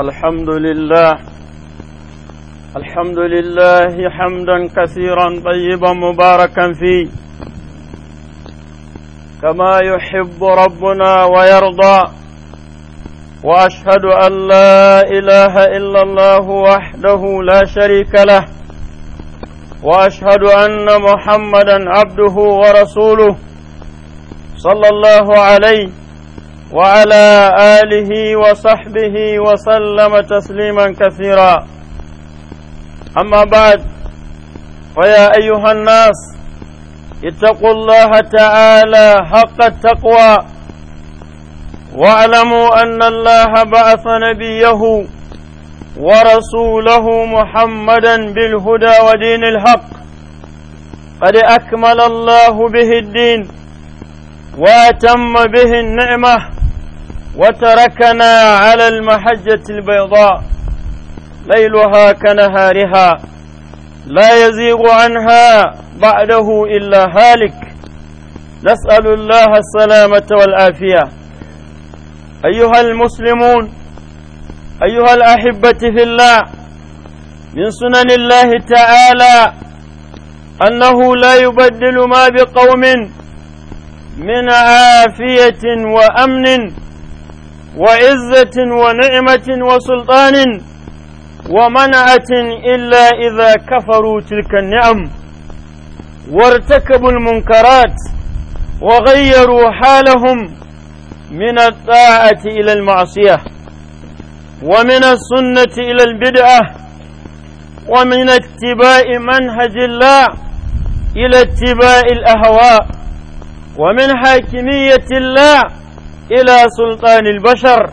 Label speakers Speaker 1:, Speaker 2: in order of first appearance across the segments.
Speaker 1: الحمد لله الحمد لله حمدا كثيرا طيبا مباركا فيه كما يحب ربنا ويرضى واشهد ان لا اله الا الله وحده لا شريك له واشهد ان محمدا عبده ورسوله صلى الله عليه وعلى آله وصحبه وسلم تسليما كثيرا أما بعد فيا أيها الناس اتقوا الله تعالى حق التقوى واعلموا أن الله بعث نبيه ورسوله محمدا بالهدى ودين الحق قد أكمل الله به الدين وأتم به النعمة وتركنا على المحجة البيضاء ليلها كنهارها لا يزيغ عنها بعده إلا هالك نسأل الله السلامة والآفية أيها المسلمون أيها الأحبة في الله من سنن الله تعالى أنه لا يبدل ما بقوم من عافية وأمن وعزة ونعمة وسلطان ومنعة إلا إذا كفروا تلك النعم وارتكبوا المنكرات وغيروا حالهم من الطاعة إلى المعصية ومن السنة إلى البدعة ومن اتباع منهج الله إلى اتباع الأهواء ومن حاكمية الله إلى سلطان البشر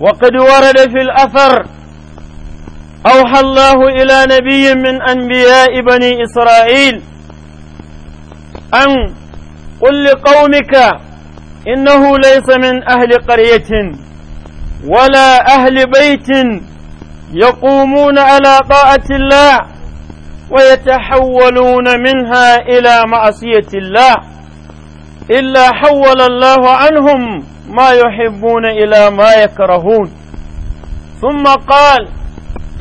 Speaker 1: وقد ورد في الأثر أوحى الله إلى نبي من أنبياء بني إسرائيل أن قل لقومك إنه ليس من أهل قرية ولا أهل بيت يقومون على طاعة الله ويتحولون منها إلى معصية الله إلا حول الله عنهم ما يحبون إلى ما يكرهون ثم قال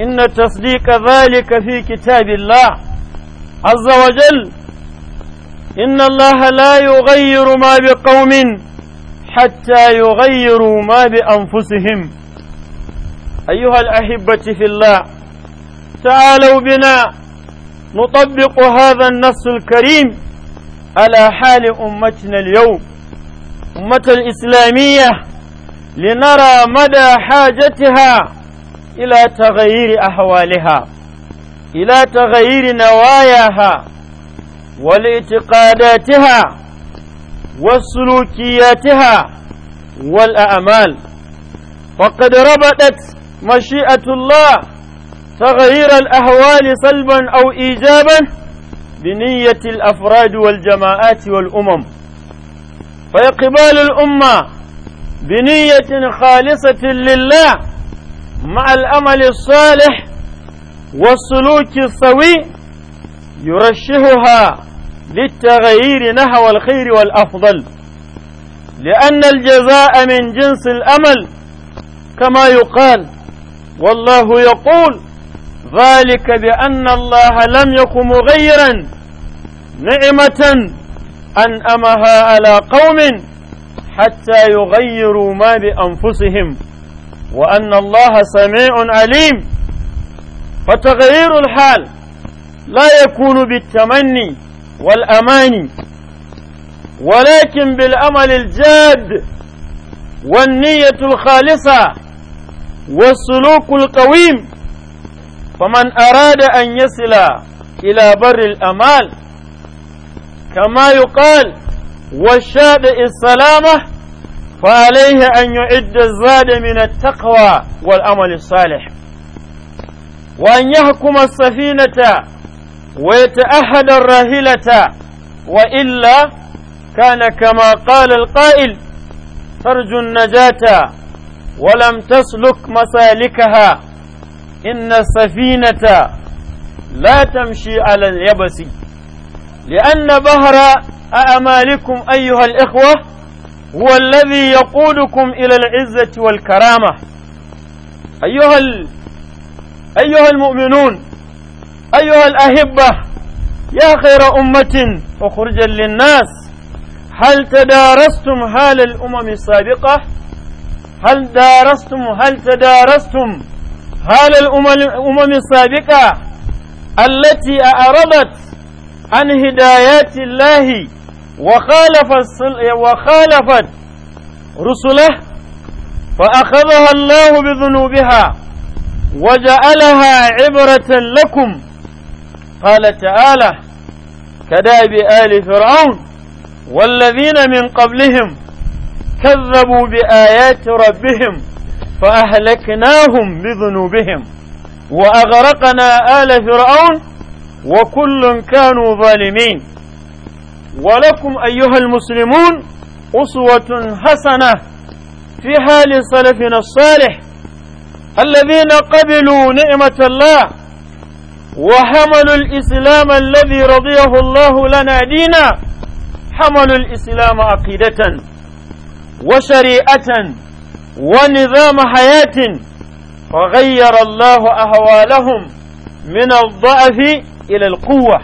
Speaker 1: إن تصديق ذلك في كتاب الله عز وجل إن الله لا يغير ما بقوم حتى يغيروا ما بأنفسهم أيها الأحبة في الله تعالوا بنا نطبق هذا النص الكريم على حال أمتنا اليوم أمة الإسلامية لنرى مدى حاجتها إلى تغيير أحوالها إلى تغيير نواياها والاعتقاداتها وسلوكياتها والأعمال وقد ربطت مشيئة الله تغيير الأهوال سلبا أو إيجابا بنية الأفراد والجماعات والأمم فإقبال الأمة بنية خالصة لله مع الأمل الصالح والسلوك السوي يرشحها للتغيير نحو الخير والأفضل لأن الجزاء من جنس الأمل كما يقال والله يقول ذلك بأن الله لم يكن مغيرا نعمة أنأمها على قوم حتى يغيروا ما بأنفسهم وأن الله سميع عليم فتغيير الحال لا يكون بالتمني والأماني ولكن بالأمل الجاد والنية الخالصة والسلوك القويم faman arada an yasila ila baril amal kama yuqal والشاد السلامة فعليه أن يعد الزاد من التقوى والأمل الصالح وأن يحكم السفينة ويتأهد الراهلة وإلا كان كما قال القائل ترجو النجاة ولم تسلك مسالكها إن السفينة لا تمشي على اليبس لأن بهر أمالكم أيها الإخوة هو الذي يقودكم إلى العزة والكرامة أيها ال... أيها المؤمنون أيها الأهبة يا خير أمة أخرجا للناس هل تدارستم حال الأمم السابقة هل دارستم هل تدارستم حال الأمم السابقة التي أعرضت عن هدايات الله وخالفت وخالفت رسله فأخذها الله بذنوبها وجعلها عبرة لكم قال تعالى كداب آل فرعون والذين من قبلهم كذبوا بآيات ربهم فأهلكناهم بذنوبهم وأغرقنا آل فرعون وكل كانوا ظالمين ولكم أيها المسلمون أسوة حسنة في حال سلفنا الصالح الذين قبلوا نعمة الله وحملوا الإسلام الذي رضيه الله لنا دينا حملوا الإسلام عقيدة وشريعة ونظام حياة وغير الله أهوالهم من الضعف إلى القوة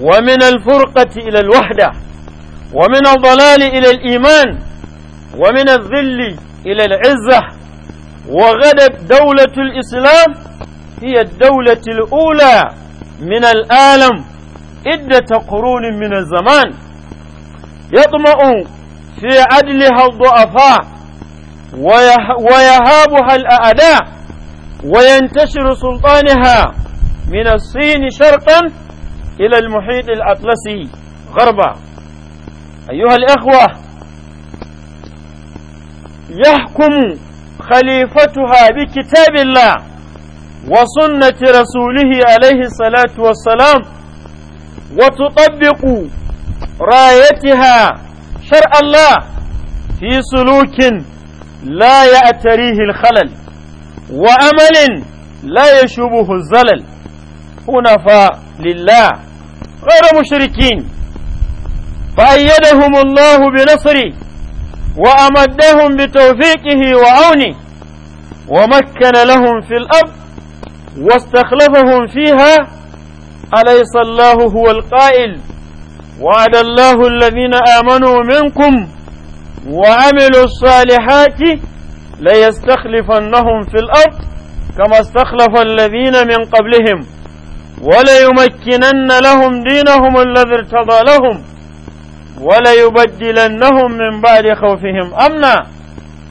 Speaker 1: ومن الفرقة إلى الوحدة ومن الضلال إلى الإيمان ومن الذل إلى العزة وغدت دولة الإسلام هي الدولة الأولى من العالم عدة قرون من الزمان يطمع في عدلها الضعفاء ويهابها الأعداء وينتشر سلطانها من الصين شرقا إلى المحيط الأطلسي غربا أيها الأخوة يحكم خليفتها بكتاب الله وسنة رسوله عليه الصلاة والسلام وتطبق رايتها شرع الله في سلوك لا يأتريه الخلل وأمل لا يشوبه الزلل حنفاء لله غير مشركين فأيدهم الله بنصره وأمدهم بتوفيقه وعونه ومكن لهم في الأرض واستخلفهم فيها أليس الله هو القائل وعد الله الذين آمنوا منكم وعملوا الصالحات ليستخلفنهم في الأرض كما استخلف الذين من قبلهم وليمكنن لهم دينهم الذي ارتضى لهم وليبدلنهم من بعد خوفهم أمنا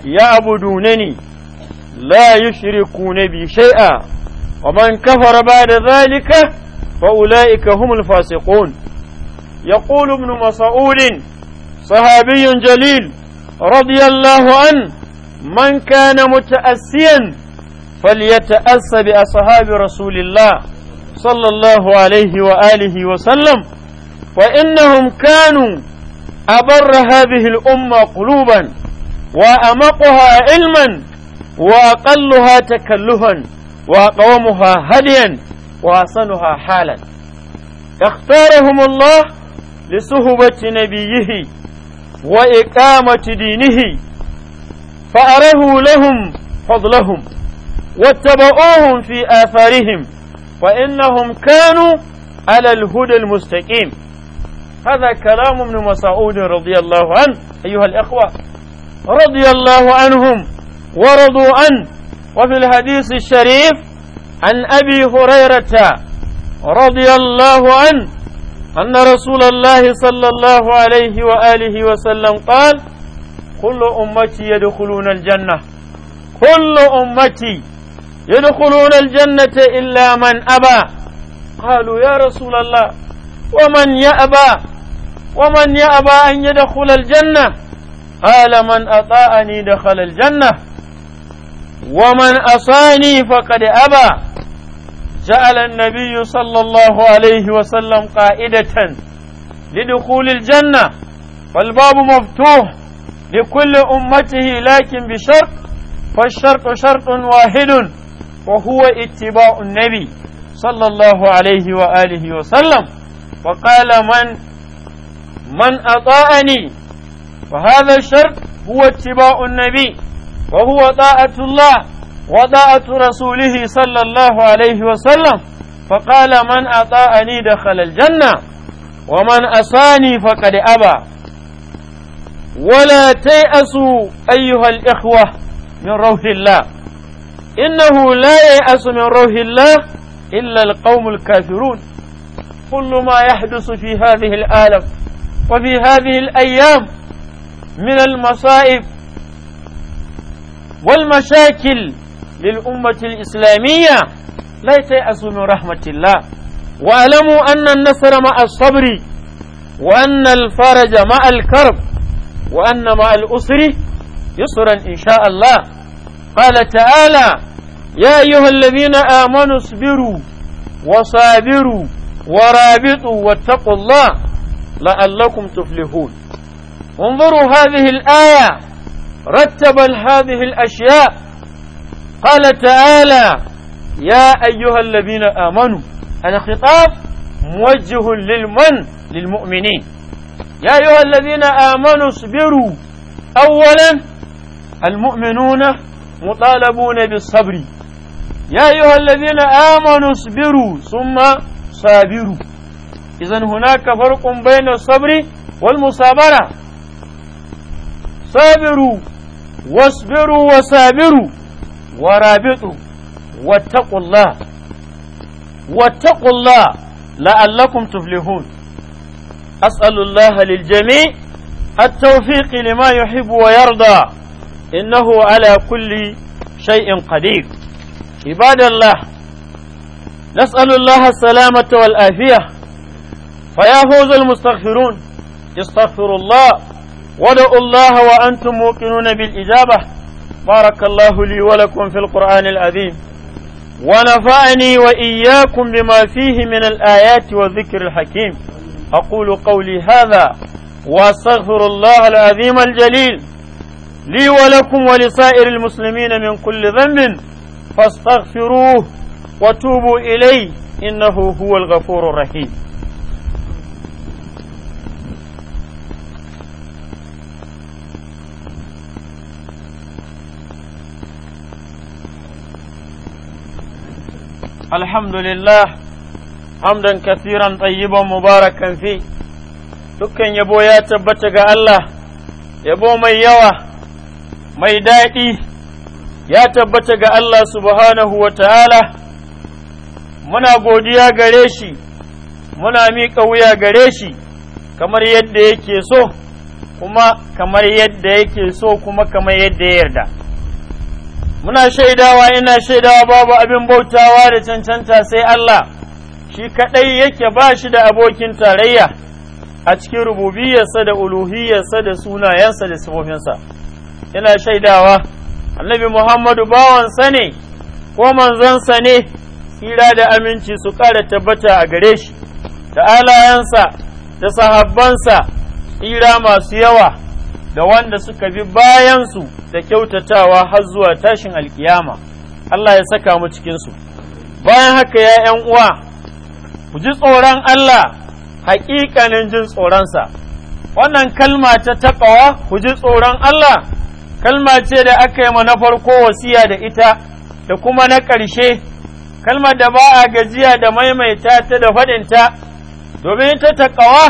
Speaker 1: يعبدونني لا يشركون بي شيئا ومن كفر بعد ذلك فأولئك هم الفاسقون يقول ابن مسعود صحابي جليل رضي الله عنه من كان متأسيا فليتأس بأصحاب رسول الله صلى الله عليه وآله وسلم فإنهم كانوا أبر هذه الأمة قلوبا وأمقها علما وأقلها تكلفا وأقومها هديا وأحسنها حالا اختارهم الله لصحبة نبيه وإقامة دينه فأره لهم فضلهم واتبعوهم في آثارهم فإنهم كانوا على الهدى المستقيم هذا كلام ابن مسعود رضي الله عنه أيها الأخوة رضي الله عنهم ورضوا عنه وفي الحديث الشريف عن أبي هريرة رضي الله عنه أن رسول الله صلى الله عليه وآله وسلم قال كل أمتي يدخلون الجنة كل أمتي يدخلون الجنة إلا من أبى قالوا يا رسول الله ومن يأبى ومن يأبى أن يدخل الجنة قال من أطاعني دخل الجنة ومن أصاني فقد أبى جعل النبي صلى الله عليه وسلم قائدة لدخول الجنة فالباب مفتوح لكل أمته لكن بشرط فالشرط شرط واحد وهو اتباع النبي صلى الله عليه وآله وسلم وقال من من أطاعني فهذا الشرط هو اتباع النبي وهو طاعة الله وطاعة رسوله صلى الله عليه وسلم فقال من أطاعني دخل الجنة ومن أساني فقد أبى ولا تيأسوا أيها الإخوة من روح الله إنه لا ييأس من روح الله إلا القوم الكافرون كل ما يحدث في هذه العالم وفي هذه الأيام من المصائب والمشاكل lil ummatil islamiyya la ta'asu min rahmatillah wa alamu anna an-nasra sabri wa anna al-faraja ma'a karb wa anna ma'a al-usri yusran insha Allah qala ta'ala ya ayyuhal ladhina amanu Sibiru, wa sabiru wa Rabi'u, wa wattaqullah la'allakum tuflihun انظروا هذه الآية رتب هذه الأشياء قال تعالى يا أيها الذين آمنوا أنا خطاب موجه للمن للمؤمنين يا أيها الذين آمنوا اصبروا أولا المؤمنون مطالبون بالصبر يا أيها الذين آمنوا اصبروا ثم صابروا إذا هناك فرق بين الصبر والمصابرة صابروا واصبروا وصابروا ورابطوا واتقوا الله واتقوا الله لعلكم تفلحون أسأل الله للجميع التوفيق لما يحب ويرضى إنه على كل شيء قدير عباد الله نسأل الله السلامة والآفية فيا فوز المستغفرون استغفروا الله ودعوا الله وأنتم موقنون بالإجابة بارك الله لي ولكم في القرآن العظيم ونفعني وإياكم بما فيه من الآيات والذكر الحكيم أقول قولي هذا وأستغفر الله العظيم الجليل لي ولكم ولسائر المسلمين من كل ذنب فاستغفروه وتوبوا إليه إنه هو الغفور الرحيم الحمد لله حمدا كثيرا طيبا مباركا فيه dukkan yabo ya tabbata ga Allah yabo mai yawa mai daɗi ya tabbata ga Allah subhanahu wa ta'ala muna godiya gare shi muna miƙa wuya gare shi kamar yadda yake so kuma kamar yadda yake so kuma kamar yadda ya yarda muna shaidawa ina shaidawa babu abin bautawa da cancanta sai Allah shi kaɗai yake ba shi da abokin tarayya a cikin rububiyarsa da uluhiyarsa da sunayensa da sifofinsa ina shaidawa annabi Muhammadu bawansa ne ko manzansa ne tsira da aminci su ƙara tabbata a gare shi da alayensa da sahabbansa tsira masu yawa da wanda suka bi bayansu da kyautatawa har zuwa tashin alkiyama Allah ya saka mu cikinsu bayan haka ya ‘yan uwa ku ji tsoron Allah haƙiƙanin jin tsoronsa wannan kalma ta taƙawa ku ji tsoron Allah kalma ce da aka yi na farko wasiya da ita da kuma na ƙarshe kalmar da ba a gajiya da maimaita ta da faɗinta domin ta taƙawa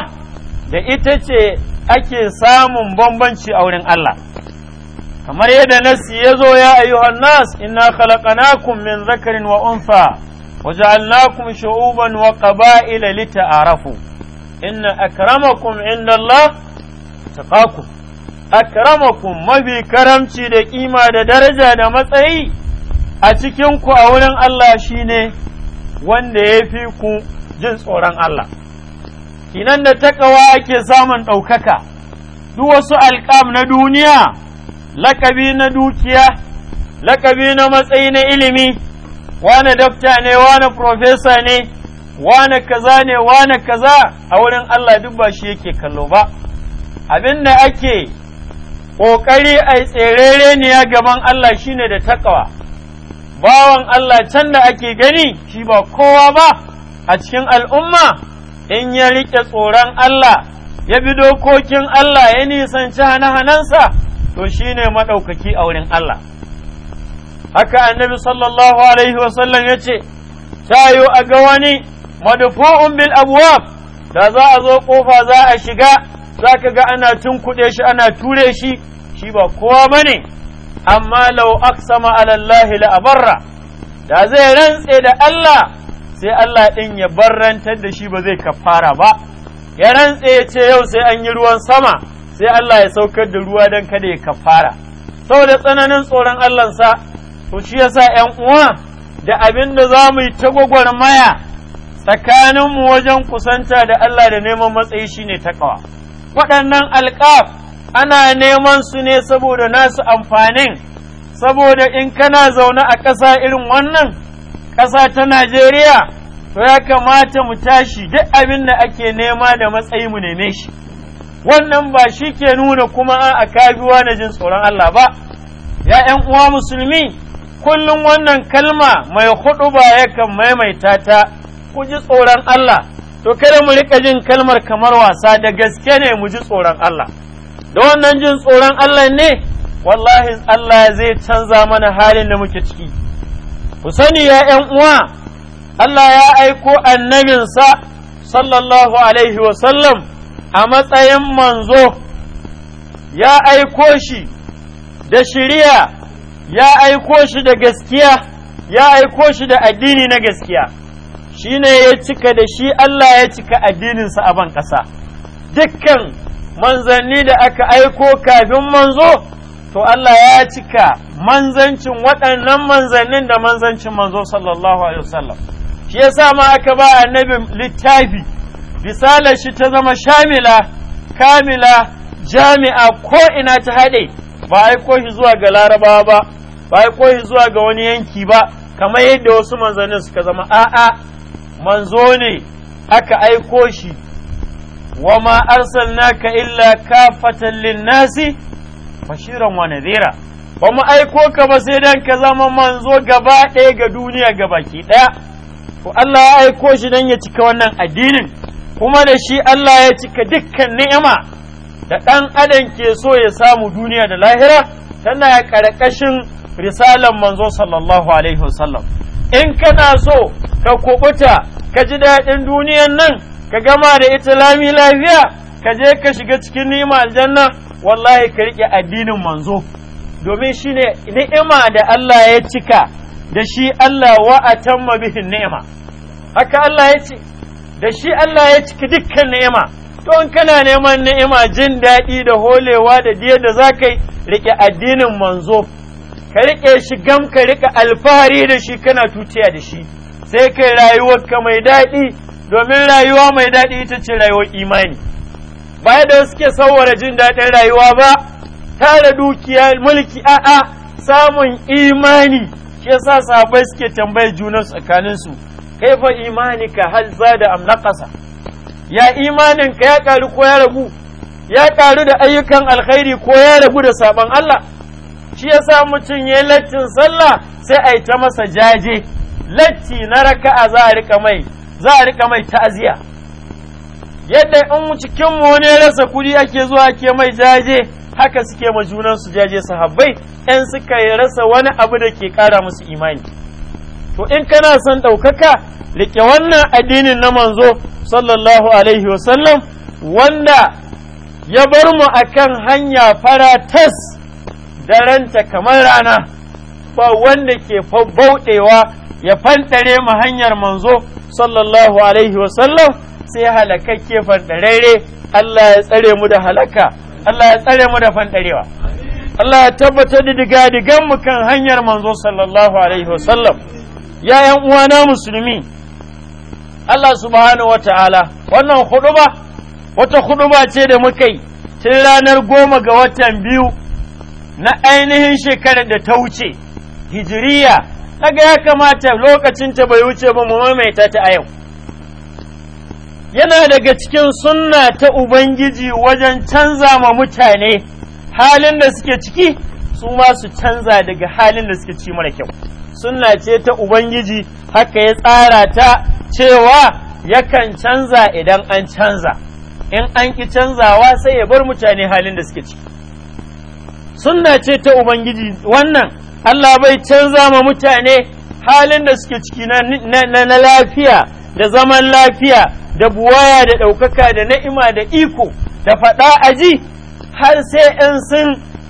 Speaker 1: da ita ce ake samun bambanci a wurin Allah kamar yadda nasi ya zo ya ayyuhan nas inna khalaqnakum min zakarin wa unfa wa ja'alnakum shu'uban wa qaba'ila lita'arafu inna akramakum inda Allah taqakum akramakum mafi karamci da kima da daraja da matsayi a cikin ku a wurin Allah shine wanda ya fi ku jin tsoron Allah kinan da takawa ake samun ɗaukaka duk wasu alƙam na duniya lakabi na dukiya lakabi na matsayi na ilimi wane dafta ne wane profesa ne wane kaza ne wane kaza a wurin Allah duk ba shi yake kallo ba abin da ake ƙoƙari a tserere ne ya gaban Allah shi ne da takawa bawan Allah can da ake gani shi ba kowa ba a cikin al'umma in ya riƙe tsoron Allah ya bi dokokin Allah ya nisanci hana-hanansa to shi ne maɗaukaki a wurin Allah haka annabi sallallahu alaihi wasallam ya ce tayo a ga wani madufu'un bil abwab da za a zo ƙofa za a shiga za ka ga ana tunkuɗe shi ana ture shi shi ba kowa ba ne amma lau aksama alallahi la'abarra da zai rantse da Allah sai Allah ɗin ya barrantar da shi ba zai kafara ba ya rantse ya ce yau sai an yi ruwan sama sai Allah ya saukar da ruwa don kada ya kafara saboda tsananin tsoron Allahnsa to shi yasa ‘yan uwa da abin da za mu yi ta maya tsakaninmu wajen kusanta da Allah da neman matsayi shine takawa waɗannan alƙaf ana neman su ne saboda nasu amfanin saboda in kana zaune a ƙasa irin wannan ƙasa ta Najeriya, to ya kamata mu tashi duk abin da ake nema da matsayi mu neme shi. Wannan ba shi ke nuna kuma a kabiwa na jin tsoron Allah ba, ya ‘yan uwa musulmi, kullum wannan kalma mai hudu ba yakan maimaita ta, ku ji tsoron Allah, to kada mu riƙa jin kalmar kamar wasa da gaske ne mu ji tsoron Allah. Da wannan jin tsoron Allah ne, wallahi Allah zai canza mana halin da muke ciki. ku sani ya ‘yan uwa Allah ya aiko annabinsa sallallahu alaihi wasallam a matsayin manzo ya aiko shi da shiriya ya aiko shi da gaskiya ya aiko shi da addini na gaskiya shi ne ya cika da shi Allah ya cika addininsa a ban ƙasa dukkan manzanni da aka aiko kafin manzo to Allah ya cika manzancin waɗannan manzannin da manzancin manzo sallallahu alaihi wasallam shi yasa ma aka ba annabi littafi risalar shi ta zama shamila kamila jami'a ko ina ta haɗe ba aiko shi zuwa ga larabawa ba ba aiko shi zuwa ga wani yanki ba kamar yadda wasu manzannin suka zama a'a manzo ne aka aiko shi wa ma arsalnaka illa kafatan nasi? bashiran wa nadhira ba mu aiko ka ba sai dan ka zama manzo gaba ɗaya ga duniya ga baki ɗaya to Allah ya aiko shi dan ya cika wannan addinin kuma da shi Allah ya cika dukkan ni'ima da ɗan adam ke so ya samu duniya da lahira tana karkashin risalan manzo sallallahu alaihi wasallam in kana so ka kubuta ka ji daɗin duniyan nan ka gama da ita lami lafiya ka je ka shiga cikin niman aljanna wallahi ka rike addinin manzo domin shi ni'ima da Allah ya cika da shi Allah wa'atan bihi ni'ima haka Allah ya ce da shi Allah ya cika dukkan ni'ima to in kana neman ni'ima jin daɗi da holewa da diya da za ka riƙe addinin manzo ka rike shi gam ka rike alfahari da shi kana tutiya da shi sai kai rayuwarka mai daɗi domin rayuwa mai daɗi ita ce rayuwar imani ba da suke sauwara jin daɗin rayuwa ba tara dukiya mulki a'a samun imani shi yasa sahabbai suke tambayar junan tsakaninsu kaifa imanika hal zada am naqasa ya imanin ka ya karu ko ya ragu ya karu da ayyukan alkhairi ko ya ragu da saban Allah shi yasa mutum ya lattin sallah sai a yi ta masa jaje latti na raka'a za a rika mai za a rika mai ta'aziya yadda in cikin mu ya rasa kuɗi ake zuwa ke mai jaje haka suke ma junan su jaje sahabbai ɗan suka rasa wani abu da ke ƙara musu imani to in kana son ɗaukaka rike wannan addinin na manzo sallallahu alaihi wasallam wanda ya bar mu akan hanya fara tas Daranta kamar rana ba wanda ke bauɗewa ya fantare mu hanyar manzo sallallahu alaihi wasallam sai halakakke fandarere Allah ya tsare mu da halaka Allah ya tsare mu da fandarewa Allah ya tabbatar da diga digan mu kan hanyar manzo sallallahu alaihi wasallam ya yan uwana musulmi Allah subhanahu wataala wannan huduba wata huduba ce da muka yi tun ranar goma ga watan biyu na ainihin shekarar da ta wuce hijiriya daga ya kamata lokacin ta bai wuce ba mu maimaita ta a yau yana daga cikin sunna ta ubangiji wajen canza ma mutane halin da suke ciki su ma su canza daga halin da suke ci mara kyau sunna ce ta ubangiji haka ya tsara ta cewa yakan canza idan an canza in an ki canzawa sai ya bar mutane halin da suke ciki sunna ce ta ubangiji wannan allah bai canza ma mutane halin da suke ciki na lafiya da zaman lafiya da buwaya da ɗaukaka da na'ima da iko da faɗa a ji har sai in sun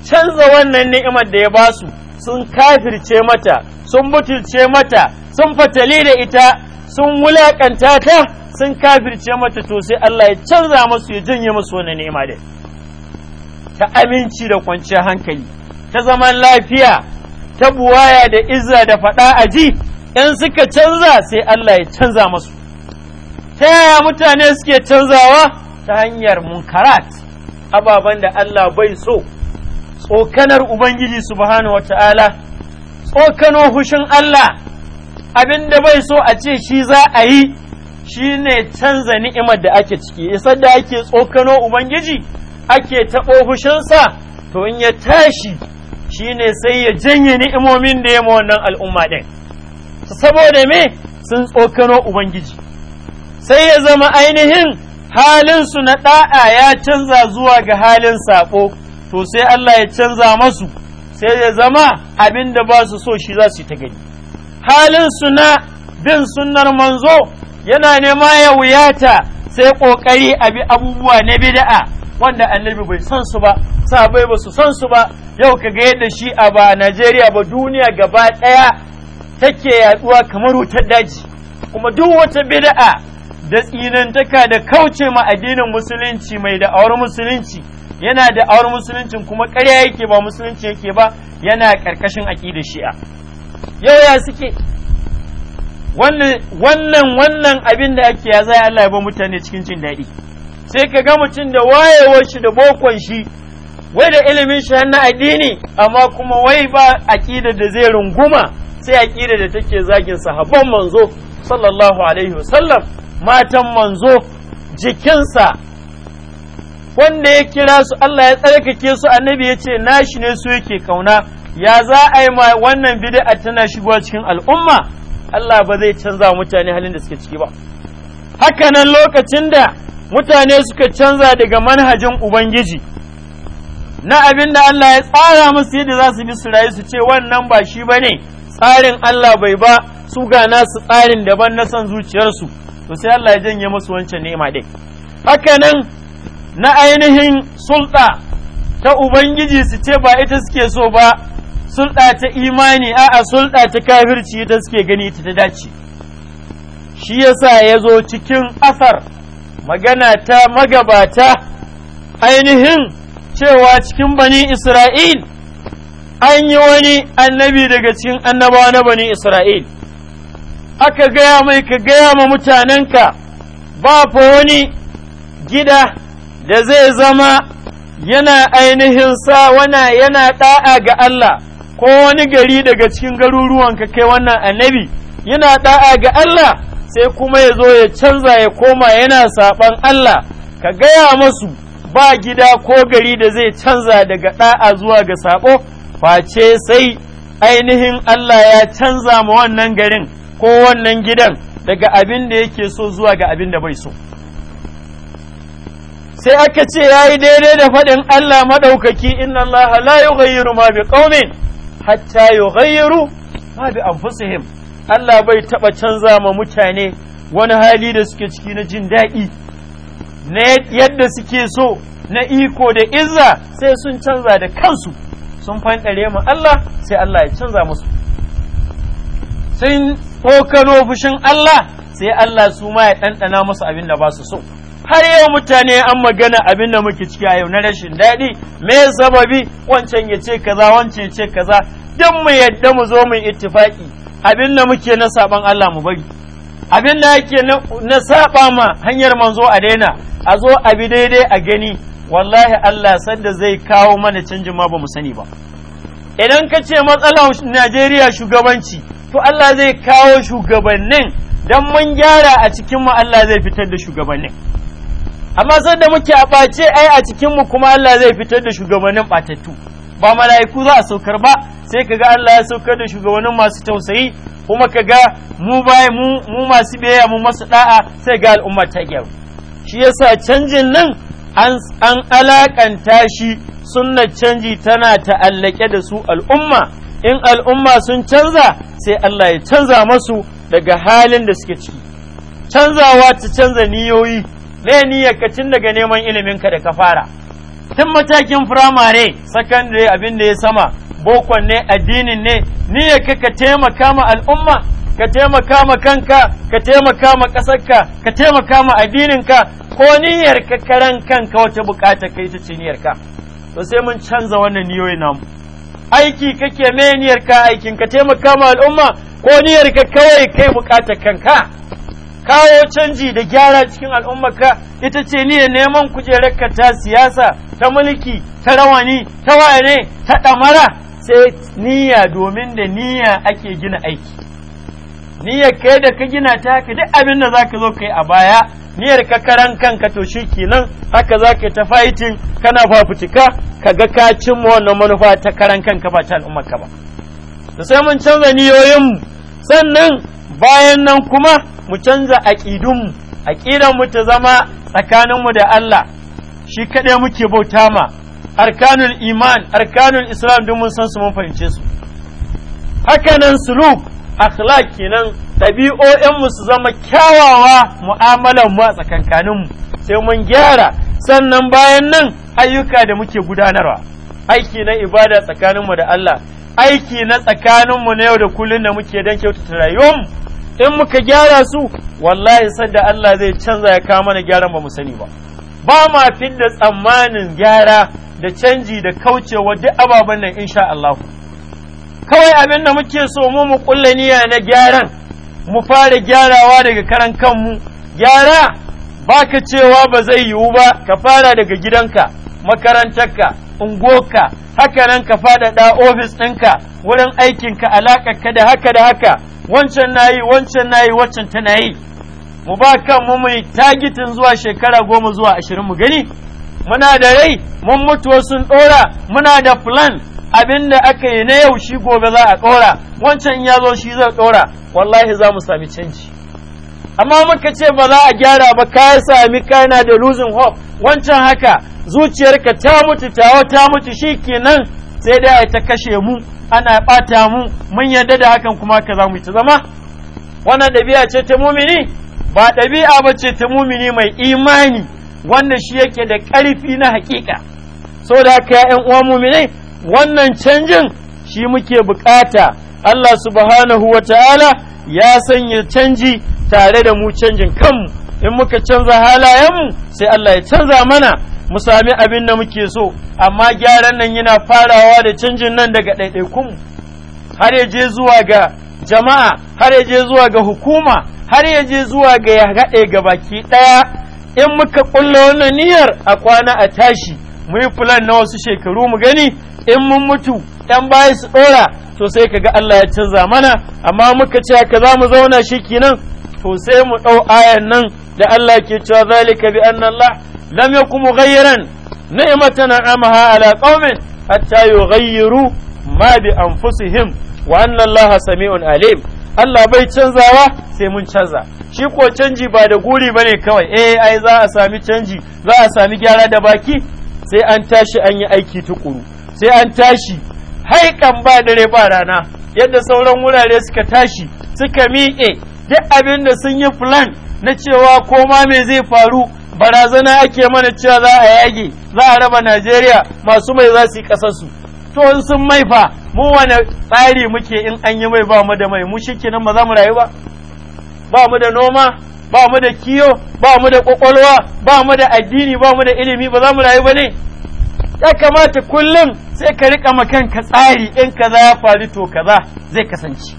Speaker 1: canza wannan ni'imar da ya basu sun kafirce mata sun butulce mata sun fatali da ita sun wulakanta ta sun kafirce mata to sai Allah ya canza masu ya janye masu wannan ni'ima da ta aminci da kwanciyar hankali ta zaman lafiya ta buwaya da izza da faɗa a ji, in suka canza sai Allah ya canza masu ta yaya mutane suke canzawa ta hanyar munkarat ababen da Allah bai so tsokanar ubangiji subhanahu ta'ala? tsokano hushin Allah abin da bai so a ce shi za a yi shi ne canza ni'imar da ake ciki isar da ake tsokano ubangiji ake taɓo hushinsa to in ya tashi shi ne sai ya janye ni'imomin da ya wannan al'umma ɗin saboda me sun tsokano ubangiji sai ya zama ainihin halin su na ɗa'a ya canza zuwa ga halin saƙo to sai Allah ya canza masu, sai ya zama abin da ba su so shi za su yi ta gani. Halinsu na bin sunnar manzo yana nema ya wuyata sai ƙoƙari a abubuwa na bida'a wanda annabi bai san su ba, sabai ba su san su ba, yau ka ga yadda shi a ba Najeriya ba duniya gaba ɗaya take yaduwa kamar wutar daji, kuma duk wata bida'a da tsinantaka da kauce ma addinin musulunci mai da'awar musulunci yana da'awar musulunci, kuma ƙarya yake ba musulunci yake ba yana ƙarƙashin aƙidar shi'a yau ya suke wannan wannan abin da ake ya zai Allah ya ba mutane cikin jin daɗi sai ka ga mutum da wayewar shi da bokon shi wai da ilimin shi na addini amma kuma wai ba aƙidar da zai runguma sai aƙidar da take zagin sahabban manzo sallallahu alaihi wasallam matan manzo jikinsa wanda ya kira su Allah ya tsarkake su annabi ya ce nashi ne su yake kauna ya za a yi ma wannan bid'a tana shigowa cikin al'umma Allah ba zai canza mutane halin da suke ciki ba hakanan lokacin da mutane suka canza daga manhajin ubangiji na abin da Allah ya tsara musu yadda za su bi su rayu su ce wannan ba shi ba ne tsarin Allah bai ba su gana su tsarin daban na son zuciyarsu to sai Allah ya janye musu wancan nema ɗin haka nan na ainihin sulɗa ta ubangiji su ce ba ita suke so ba sulɗa ta imani a'a sulɗa ta kafirci ita suke gani ta ta dace shi yasa ya zo cikin asar magana ta magabata ainihin cewa cikin bani isra'il an yi wani annabi daga cikin annabawa na bani isra'il aka gaya mai ka gaya ma mutanenka ba fa wani gida da zai zama yana ainihin sa wana yana ɗa'a ga Allah ko wani gari daga cikin garuruwanka kai wannan annabi yana ɗa'a ga Allah sai kuma ya zo ya canza ya koma yana saɓan Allah ka gaya masu ba gida ko gari da zai canza daga ɗa'a zuwa ga saɓo face sai ainihin Allah ya canza ma wannan garin ko wannan gidan daga abin da yake so zuwa ga abin da bai so sai aka ce ya yi daidai da faɗin Allah maɗaukaki inna Allah la yughayyiru ma bi ƙaunin hatta yughayyiru ma bi anfusihim Allah bai taɓa canza ma mutane wani hali da suke ciki na jin daɗi na yadda suke so na iko da izza sai sun canza da kansu sun fanɗare mu Allah sai Allah ya canza musu sun tsokano fushin Allah sai Allah su ma ya ɗanɗana musu abin da ba su so har yau mutane an magana abin da muke ciki a yau na rashin daɗi me sababi wancan ya ce kaza wancan ya ce kaza don mu yadda mu zo mu ittifaki abin da muke na saban Allah mu bari abin da yake na saba ma hanyar manzo a daina a zo abi daidai a gani wallahi Allah sanda zai kawo mana canjin ma ba mu sani ba idan ka ce matsalar Najeriya shugabanci to Allah zai kawo shugabannin don mun gyara a cikinmu Allah zai fitar da shugabannin amma sai da muke a ɓace ai a cikinmu kuma Allah zai fitar da shugabannin ɓatattu ba mala'iku za a saukar ba sai ka ga Allah ya saukar da shugabannin masu tausayi kuma kaga mu mu masu biyayya mu masu da'a sai ga al'umma ta gyaru shi yasa canjin nan an an alakanta shi sunnar canji tana ta'allake da su al'umma in al'umma sun canza sai Allah ya canza masu daga halin da suke ciki canzawa ta canza niyoyi me niyyar ka tun daga neman iliminka da ka fara tun matakin firamare sakandare abin da ya sama bokon ne addinin ne niyyar ka ka taimaka ma al'umma ka taimaka ma kanka ka taimaka ma ƙasarka ka taimaka ma addininka ko niyyar ka karan kanka wata bukata kai ta ce niyyar ka to sai mun canza wannan niyoyi namu aiki kake me niyyar ka aikin ka taimaka ma al'umma ko niyyar ka kawai kai bukatar kanka kawo canji da gyara cikin al'ummarka ita ce niyyar neman kujerar ka ta siyasa ta mulki ta rawani ta wane ta ɗamara sai niyya domin da niyya ake gina aiki niyyar kai da ka gina ta haka duk abin da za zo kai a baya niyar ka karan kanka to shi kenan haka za ka ta fighting kana fafutuka ka ga ka cimma wannan manufa ta karan kanka ba ta al'ummar ka ba da sai mun canza mu sannan bayan nan kuma mu canza aƙidunmu mu ta zama tsakanin mu da Allah shi kaɗai muke bauta ma arkanul iman arkanul islam duk mun san su mun fahimce su haka nan suluk akhlaq kenan ɗabi'o'in mu su zama kyawawa mu'amalan mu a tsakankanin mu sai mun gyara sannan bayan nan ayyuka da muke gudanarwa aiki na ibada tsakanin mu da Allah aiki na tsakanin mu na yau da kullun da muke dan kyautata rayuwar mu in muka gyara su wallahi sadda Allah zai canza ya kawo mana gyaran ba mu sani ba ba ma fidda tsammanin gyara da canji da kaucewa duk ababen nan insha Allah kawai abin da muke so mu mu kulle niyya na gyaran mu fara gyarawa daga karan kanmu gyara baka cewa ba zai yiwu ba ka fara daga gidanka makarantarka unguwarka haka nan ka faɗaɗa ofis ɗinka wurin aikinka ka da haka da haka wancan nayi yi wancan na yi wancan tana yi mu ba kan mu mai tagitin zuwa shekara goma zuwa ashirin mu gani muna da rai mun mutu sun ɗora muna da plan abin da aka yi na yau shi gobe za a ɗora wancan ya zo shi zai ɗora wallahi za mu sami canji amma muka ce ba za a gyara ba ka sami kana da losing hope wancan haka zuciyarka ta mutu tawa ta mutu shi kenan sai dai ta kashe mu ana ɓata mu mun yarda da hakan kuma ka za mu ta zama wannan ɗabi'a ce ta mumini ba ɗabi'a ba ce ta mumini mai imani wanda shi yake da ƙarfi na haƙiƙa da haka 'yan uwan muminai wannan canjin shi muke bukata Allah subhanahu wa ta'ala ya sanya canji tare da mu canjin kanmu in muka canza halayenmu sai Allah ya canza mana mu sami abin da muke so amma gyaran nan yana farawa da canjin nan daga ɗaiɗaikunmu har ya je zuwa ga jama'a har ya je zuwa ga hukuma har ya je zuwa ga ya haɗe ga baki ɗaya in muka ƙulla wannan niyyar a kwana a tashi mu yi fulan na wasu shekaru mu gani in mun mutu ɗan baya su ɗora to sai ka ga Allah ya canza mana amma muka ce haka za mu zauna shi kenan to sai mu ɗau ayan nan da Allah ke cewa zalika bi anna Allah lam yakum mughayyiran ni'matan amaha ala qaumin hatta yughayyiru ma bi anfusihim wa anna Allah sami'un alim Allah bai canzawa sai mun canza shi ko canji ba da guri ba ne kawai eh ai za a sami canji za a sami gyara da baki sai an tashi an yi aiki tukuru sai an tashi haikan ba dare ba rana yadda sauran wurare suka tashi suka miƙe duk abin da sun yi plan na cewa koma mai zai faru barazana ake mana cewa za a yage za a raba najeriya masu mai za su yi ƙasarsu to in sun maifa mu wani tsari muke in an yi mai ba mu da mai mu shi kenan ba za mu rayu ba ba mu da noma ba mu da kiyo ba mu da kwakwalwa ba mu da addini ba mu da ilimi ba za mu rayu ba ne ya kamata kullum sai ka riƙa ma kanka tsari in kaza ya faru to kaza zai kasance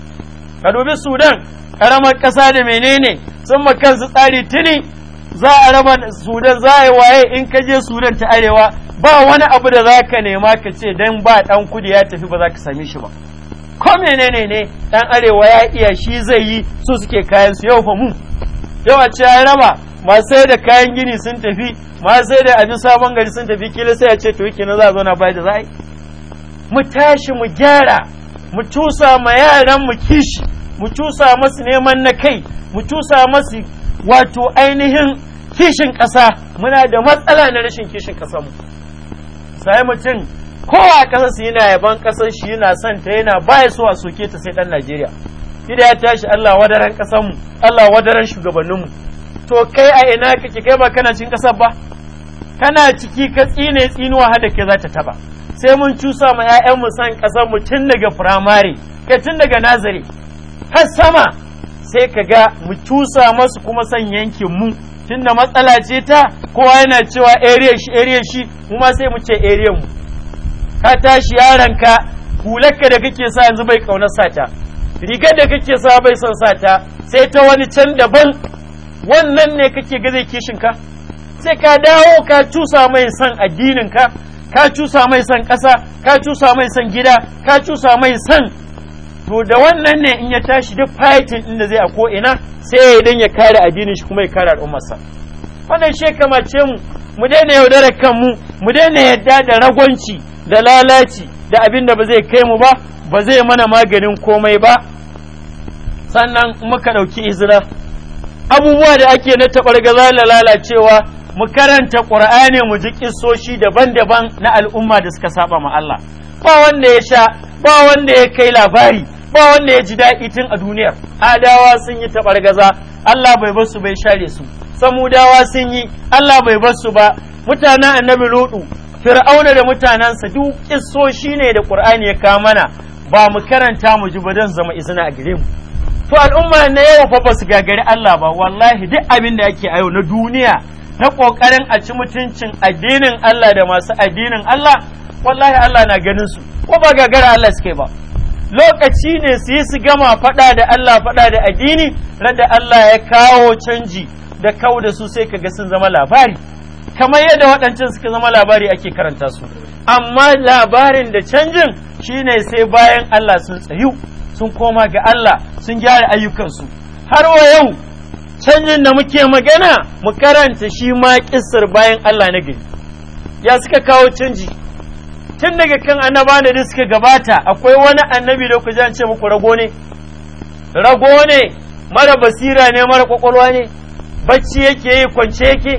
Speaker 1: ka dubi sudan karamar ƙasa da menene sun ma kansu tsari tuni za a raba sudan za a waye in ka je sudan ta arewa ba wani abu da za ka nema ka ce dan ba dan kudi ya tafi ba za ka same shi ba ko menene ne ɗan arewa ya iya shi zai yi su suke kayan su yau fa mu yau a ce ya raba masu sai da kayan gini sun tafi masu sai da abin sabon gari sun tafi kila sai ya ce to yake na za a na bai da zai mu tashi mu gyara mu cusa ma yaran mu kishi mu cusa masu neman na kai mu cusa masu wato ainihin kishin ƙasa muna da matsala na rashin kishin ƙasa mu sai mutum kowa ƙasar su yana yaban ƙasar shi yana son ta yana baya so a soke ta sai ɗan Najeriya Kida ya tashi Allah wadaran ƙasarmu Allah wadaran shugabanninmu to kai a ina kake kai ba kana cin ƙasar ba kana ciki ka tsine tsinuwa hada ke za ta taba sai mun cusa ma mu san mu tun daga firamare kai tun daga nazari har sama sai ka ga mu cusa masu kuma san yankin mu tun da matsala ce ta kowa yana cewa area shi area shi mu ma sai mu ce area mu ka tashi yaranka hularka da kake sa yanzu bai kaunar sata rigar da kake sa bai son sa sai ta wani can daban wannan ne kake ga zai kishin ka sai ka dawo ka cusa mai son addinin ka ka cusa mai son ƙasa ka cusa mai son gida ka cusa mai son to da wannan ne in ya tashi duk fighting din da zai a ko ina sai ya dan ya kare addinin shi kuma ya kare sa wannan shi she kamace mu mu daina yaudarar kanmu mu daina yadda da ragwanci da lalaci da abin da ba zai kai mu ba ba zai mana maganin komai ba sannan muka ɗauki izina abubuwa da ake na gaza da lalacewa mu karanta ƙur'ani mu ji ƙisoshi daban-daban na al'umma da suka saba ma Allah ba wanda ya sha ba wanda ya kai labari ba wanda ya ji daɗi tun a duniyar adawa sun yi gaza Allah bai bar su bai share su samudawa sun yi Allah bai bar su ba mutanen annabi lutu fir'auna da mutanensa duk ƙisoshi ne da ƙur'ani ya kawo mana ba mu karanta mu ji ba zama izina a gare mu to al'umma na yau fa ba su gagari Allah ba wallahi duk abin da yake a yau na duniya na kokarin a ci mutuncin addinin Allah da masu addinin Allah wallahi Allah na ganin su ko ba gagara Allah suke ba lokaci ne su yi su gama faɗa da Allah faɗa da addini radda Allah ya kawo canji da kawo da su sai ka ga sun zama labari kamar yadda waɗancan suka zama labari ake karanta su amma labarin da canjin shine sai bayan Allah sun tsayu sun koma ga Allah sun gyara ayyukansu har wa yau canjin da muke magana mu karanta shi ma kissar bayan Allah na gari ya suka kawo canji tun daga kan annaba da suka gabata akwai wani annabi da ku ce muku rago ne rago ne mara basira ne mara kwakwalwa ne bacci yake yi kwance yake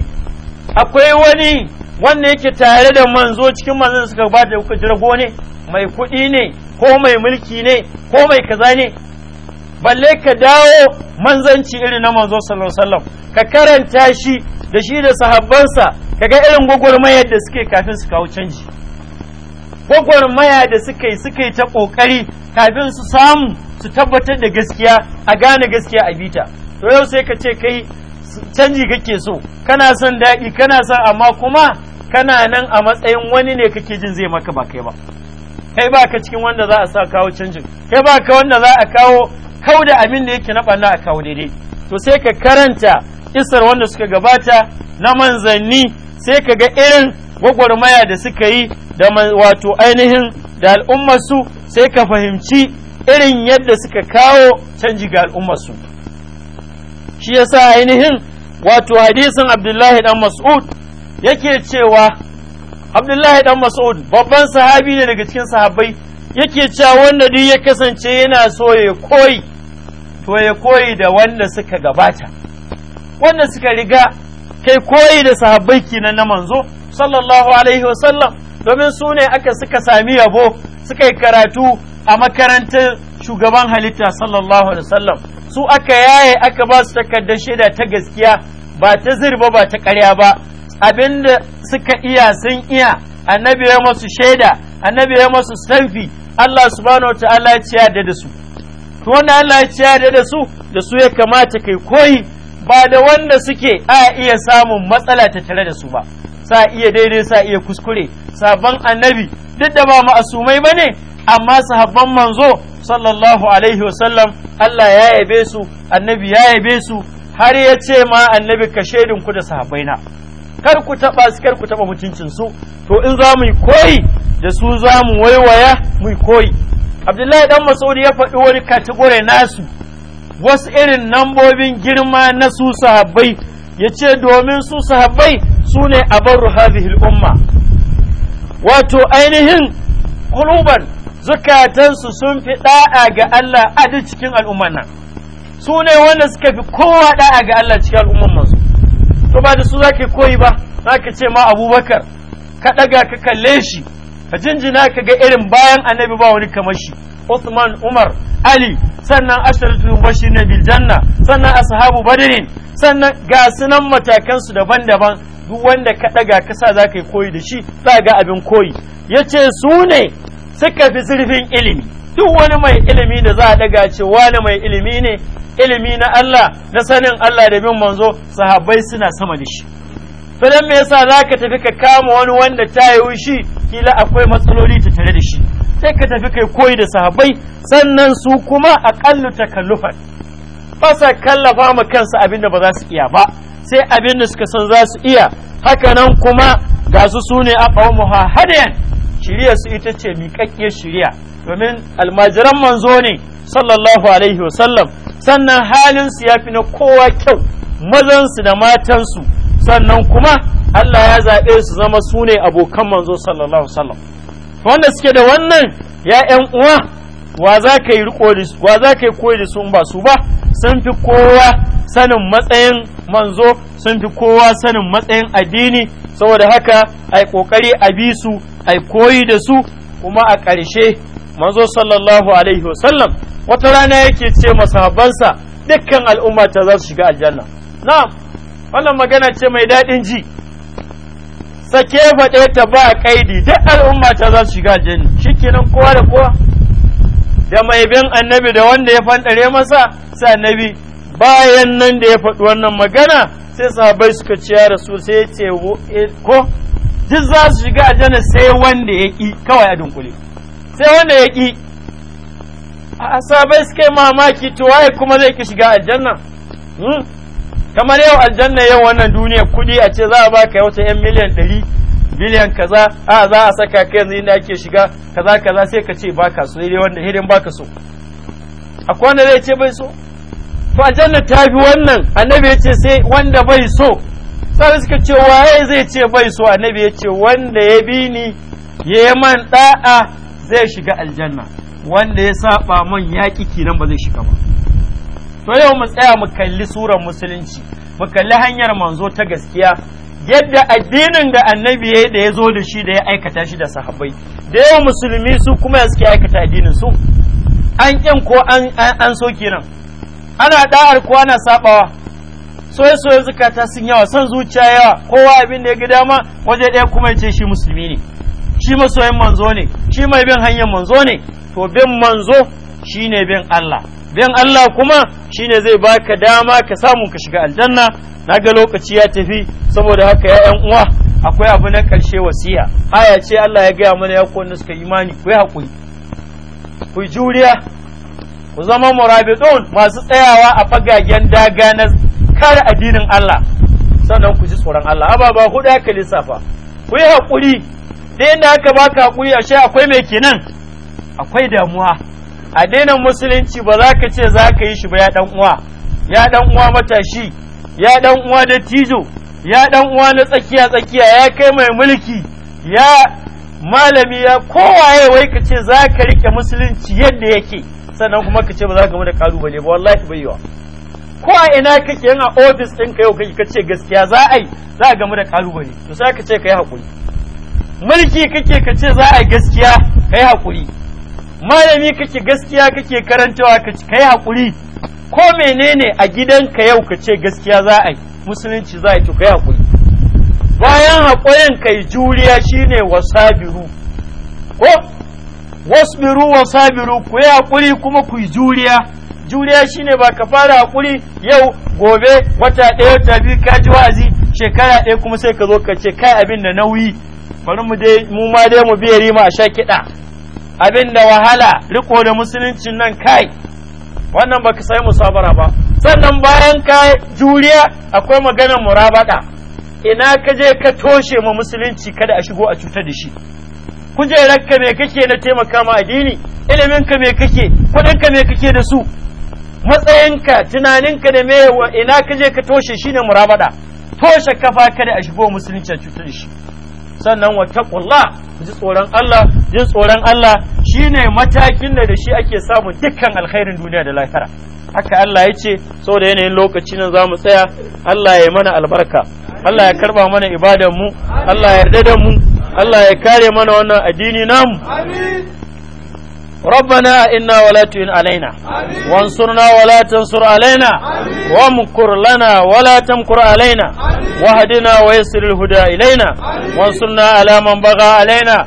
Speaker 1: akwai wani wanda yake tare da manzo cikin manzon suka gabata da kuka ji rago ne mai kuɗi ne ko mai mulki ne ko mai kaza ne balle ka dawo manzanci irin na manzo sallallahu alaihi ka karanta shi da shi da sahabbansa ka ga irin gwagwarmaya da suke kafin su kawo canji gwagwarmaya da suka yi suka ta ƙoƙari kafin su samu su tabbatar da gaskiya a gane gaskiya a bita to yau sai ka ce kai canji kake so kana son daɗi kana son amma kuma kana nan a matsayin wani ne kake jin zai maka ba kai ba kai ba ka cikin wanda za a sa kawo canjin kai ba ka wanda za a kawo kau da abin da yake na ɓanna a kawo daidai to sai ka karanta isar wanda suka gabata na manzanni sai ka ga irin gwagwarmaya da suka yi da wato ainihin da al'ummarsu sai ka fahimci irin yadda suka kawo canji ga al'ummarsu shi yasa ainihin wato hadisin abdullahi dan mas'ud yake cewa abdullahi dan mas'ud babban sahabi ne daga cikin sahabbai yake cewa wanda duk ya kasance yana so ya koyi to ya koyi da wanda suka gabata wanda suka riga kai koyi da sahabbai kenan na manzo sallallahu alaihi wasallam domin su ne aka suka sami yabo suka yi karatu a makarantar shugaban halitta sallallahu alaihi wasallam su aka yaye aka ba su takardar shaida ta gaskiya ba ta zirba ba ta karya ba abinda suka iya sun iya annabi ya masu shaida annabi ya masu sanfi Allah subhanahu ta'ala ya ciya da su to wannan Allah ya ciya da su da su ya kamata kai koyi ba da wanda suke a iya samun matsala ta tare da su ba sa iya daidai sa iya kuskure sabon annabi duk da ba ma'asumai bane amma sahabban manzo sallallahu alaihi wasallam Allah ya yabe su annabi ya yabe su har ya ce ma annabi ka shaidin ku da sahabbaina kar ku taba su kar ku taɓa su, to in za mu yi koyi da su za mu waiwaya mu yi koyi abdullahi dan mas'ud ya faɗi wani kategori nasu wasu irin nambobin girma na su sahabbai ya ce domin su sahabbai su ne abaru hazihil umma wato ainihin kuluban zukatansu sun fi da'a ga Allah a cikin al'umman nan su ne wanda suka fi kowa da'a ga Allah cikin al'umman mansu to ba da su zaki koyi ba za ka ce ma abubakar ka daga ka kalle shi ka jinjina ka ga irin bayan annabi ba wani kamar shi usman Umar Ali sannan asharatu bashir na biljanna sannan ashabu badrin sannan ga sunan matakansu daban-daban duk wanda ka daga ka sa za yi koyi da shi za ga abin koyi yace su ne suka fi zurfin ilimi duk wani mai ilimi da za a daga ce wani mai ilimi ne ilimi na Allah na sanin Allah da bin manzo sahabbai suna sama da shi Sanan me yasa za ka tafi ka kama wani wanda ta yi shi kila akwai matsaloli ta tare da shi sai ka tafi kai koyi da sahabbai sannan su kuma aƙallu takallufan ba sa kallafa ma kansu abin da ba za su iya ba sai abin da suka san za su iya haka nan kuma ga su sune a ƙawo shirya su ita ce miƙaƙƙiyar shirya domin almajiran manzo ne sallallahu alaihi wasallam sannan halin su ya fi na kowa kyau mazan su da matan su sannan kuma Allah ya zaɓe su zama su ne abokan manzo sallallahu wasallam wanda suke da wannan ya ‘yan uwa wa za ka yi koyi da su ba su ba sun fi kowa sanin matsayin manzo sun fi kowa sanin matsayin addini saboda haka ai kokari a bi su ai koyi da su kuma a ƙarshe manzo sallallahu alaihi wasallam wata rana yake ce masahabansa dukkan al'umma ta za su shiga aljanna na'am wannan magana ce mai daɗin ji sake faɗe ta ba kaidi duk al'umma ta za su shiga aljanna shikenan kowa da kowa da mai bin annabi da wanda ya fantare masa sai annabi bayan nan da ya faɗi wannan magana sai sahabai suka ce ya rasu sai ya ce eh, ko duk za su shiga aljanna sai wanda ya ƙi kawai a dunkule sai wanda ya ƙi a sahabai suka yi mamaki to waye kuma zai ki shiga aljanna hmm? kamar yau aljanna yau wannan duniya kuɗi a ce za a baka yau ta 'yan miliyan ɗari miliyan kaza a za a saka ka yanzu inda ake shiga kaza kaza sai ka ce baka so dai wanda hidin baka so akwai wanda zai ce bai so to janna ta bi wannan annabi ya ce sai wanda bai so sai suka ce waye zai ce bai so annabi ya ce wanda ya bi ni ya man da'a zai shiga aljanna wanda ya saba man yaki kinan ba zai shiga ba to yau mu tsaya mu kalli surar musulunci mu kalli hanyar manzo ta gaskiya yadda addinin da annabi ya da ya zo da shi da ya aikata shi da sahabbai da yawan musulmi su kuma ya suke aikata addinin su an kin ko an so kenan ana ɗa'ar ko ana sabawa soye soye zukata sun yawa son zuciya yawa kowa abin da ya ga dama waje ɗaya kuma ya ce shi musulmi ne shi masoyin manzo ne shi mai bin hanyar manzo ne to bin manzo shine bin Allah bin Allah kuma shine zai baka dama ka samu ka shiga aljanna naga lokaci ya tafi saboda haka ya yan uwa akwai abu na karshe wasiya aya ce Allah ya gaya mana ya kowanne suka imani ku hakuri ku juriya ku zama murabidun masu tsayawa a fagagen daga na kare addinin Allah sannan ku ji tsoron Allah ababa hudu aka lissafa ku yi hakuri da inda aka baka hakuri ashe akwai mai kenan akwai damuwa addinin musulunci ba za ka ce za ka yi shi ba ya dan uwa ya dan uwa matashi ya dan uwa dattijo ya dan uwa na tsakiya tsakiya ya kai mai mulki ya malami ya kowaye wai ka ce za ka rike musulunci yadda yake sannan kuma ka ce ba za ka da bane ba wallahi bai yiwa ko a ina kake yana ofis ɗin ka yau kake ka ce gaskiya za a yi za a gamu da bane to sai ka ce ka yi hakuri. mulki kake ka ce za a yi gaskiya ka yi hakuri? malami kake gaskiya kake karantawa kai hakuri ko menene a gidanka yau ka ce gaskiya za a yi musulunci za a yi kai hakuri bayan hakurin kai juriya shine wasabiru ko wasbiru wasabiru ku yi hakuri kuma ku yi juriya juriya shine ba ka fara hakuri yau gobe wata ɗaya wata biyu ka ji wa'azi shekara ɗaya kuma sai ka zo ka ce kai abin da nauyi bari mu dai mu ma dai mu biya rima a sha kiɗa abin da wahala riko da musuluncin nan kai wannan baka sai musabara ba sannan bayan ka juriya akwai maganar murabaka ina ka je ka toshe mu musulunci kada a shigo a cutar da shi rakka me kake na taimaka ma addini iliminka me kake ka me kake da su matsayinka tunaninka da me ina ka je ka toshe shine murabada toshe kafa kada a shigo musulunci a cutar da shi sannan taqullah ji tsoron Allah ji tsoron Allah shine matakin da shi ake samu dukkan alkhairin duniya da lafiya haka Allah ya ce saboda yanayin lokaci nan zamu tsaya Allah ya yi mana albarka Allah ya karba mana ibadan mu Allah ya yarda da mu Allah ya kare mana wannan addini namu amin ربنا إنا ولا تهن علينا آمين. وانصرنا ولا تنصر علينا آمين. وامكر لنا ولا تمكر علينا آمين. واهدنا ويسر الهدى إلينا وانصرنا على من بغى علينا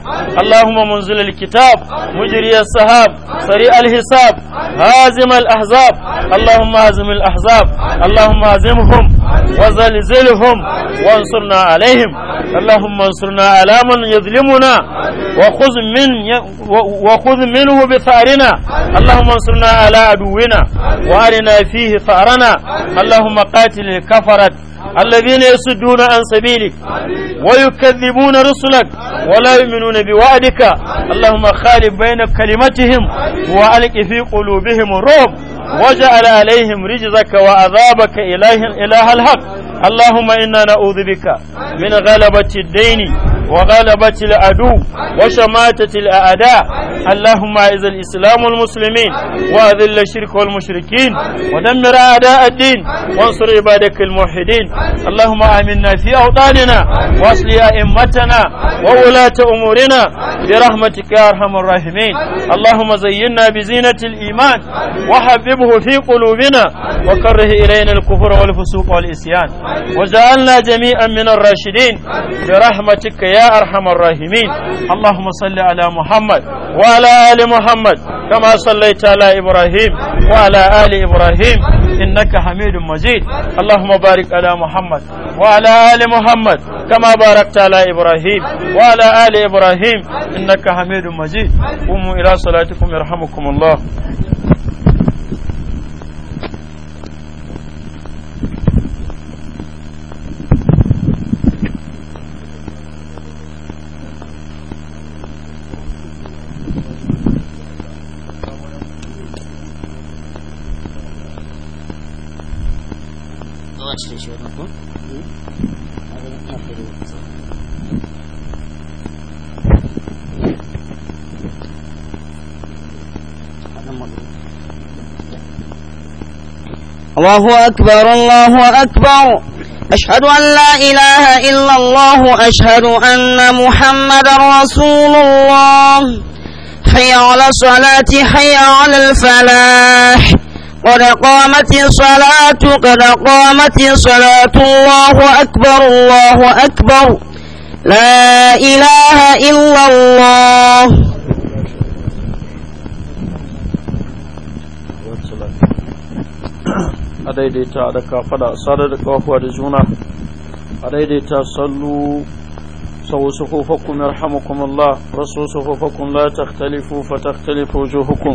Speaker 1: اللهم منزل الكتاب مجري السحاب سريع الحساب هازم الأحزاب اللهم هازم الأحزاب اللهم هازمهم وزلزلهم وانصرنا عليهم اللهم انصرنا على من يظلمنا وخذ من وخذ منه بثارنا اللهم انصرنا على عدونا وارنا فيه ثارنا اللهم قاتل الكفرة الذين يصدون عن سبيلك ويكذبون رسلك ولا يؤمنون بوعدك اللهم خالف بين كلمتهم وألق في قلوبهم الرعب وجعل عليهم رجزك وعذابك إله, إله الحق اللهم إنا نعوذ بك من غلبة الدين وغلبة العدو وشماتة الأعداء اللهم أعز الإسلام والمسلمين وأذل الشرك والمشركين ودمر أعداء الدين وانصر عبادك الموحدين اللهم آمنا في أوطاننا وأصلح أئمتنا وولاة أمورنا برحمتك يا أرحم الراحمين اللهم زينا بزينة الإيمان وحببه في قلوبنا وكره إلينا الكفر والفسوق والإسيان وجعلنا جميعا من الراشدين برحمتك يا ya arhamar rahimin Allahumma salli ala Muhammad wa ala ali Muhammad kama sallaita ala Ibrahim wa ala ali Ibrahim innaka Hamidun Majid Allahumma barik ala Muhammad wa ala ali Muhammad kama barakta ala Ibrahim wa ala ali Ibrahim innaka Hamidun Majid qumu ila salatikum yarhamukumullah الله أكبر الله أكبر أشهد أن لا إله إلا الله أشهد أن محمد رسول الله حي على الصلاة حي على الفلاح قد قامت الصلاة قد قامت الصلاة الله أكبر الله أكبر لا إله إلا الله أديت على كفلا صلاة كفوا رجونا أديت صلوا سو صفوفكم يرحمكم الله رسو صفوفكم لا تختلفوا فتختلف وجوهكم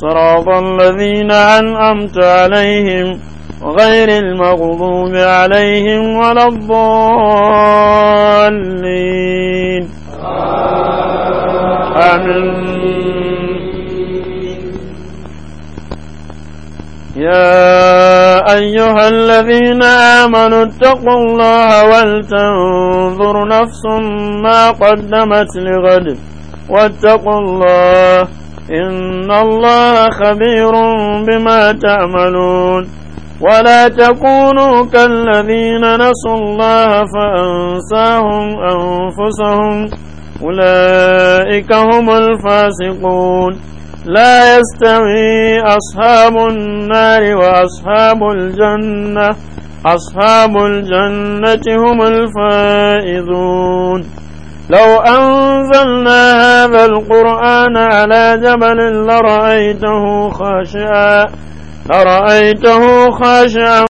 Speaker 1: صراط الذين أنعمت عليهم غير المغضوب عليهم ولا الضالين آمين يا أيها الذين آمنوا اتقوا الله ولتنظر نفس ما قدمت لغد واتقوا الله إن الله خبير بما تعملون ولا تكونوا كالذين نسوا الله فأنساهم أنفسهم أولئك هم الفاسقون لا يستوي أصحاب النار وأصحاب الجنة أصحاب الجنة هم الفائزون لو أنزلنا هذا القرآن على جبل لرأيته خاشعا لرأيته خاشعا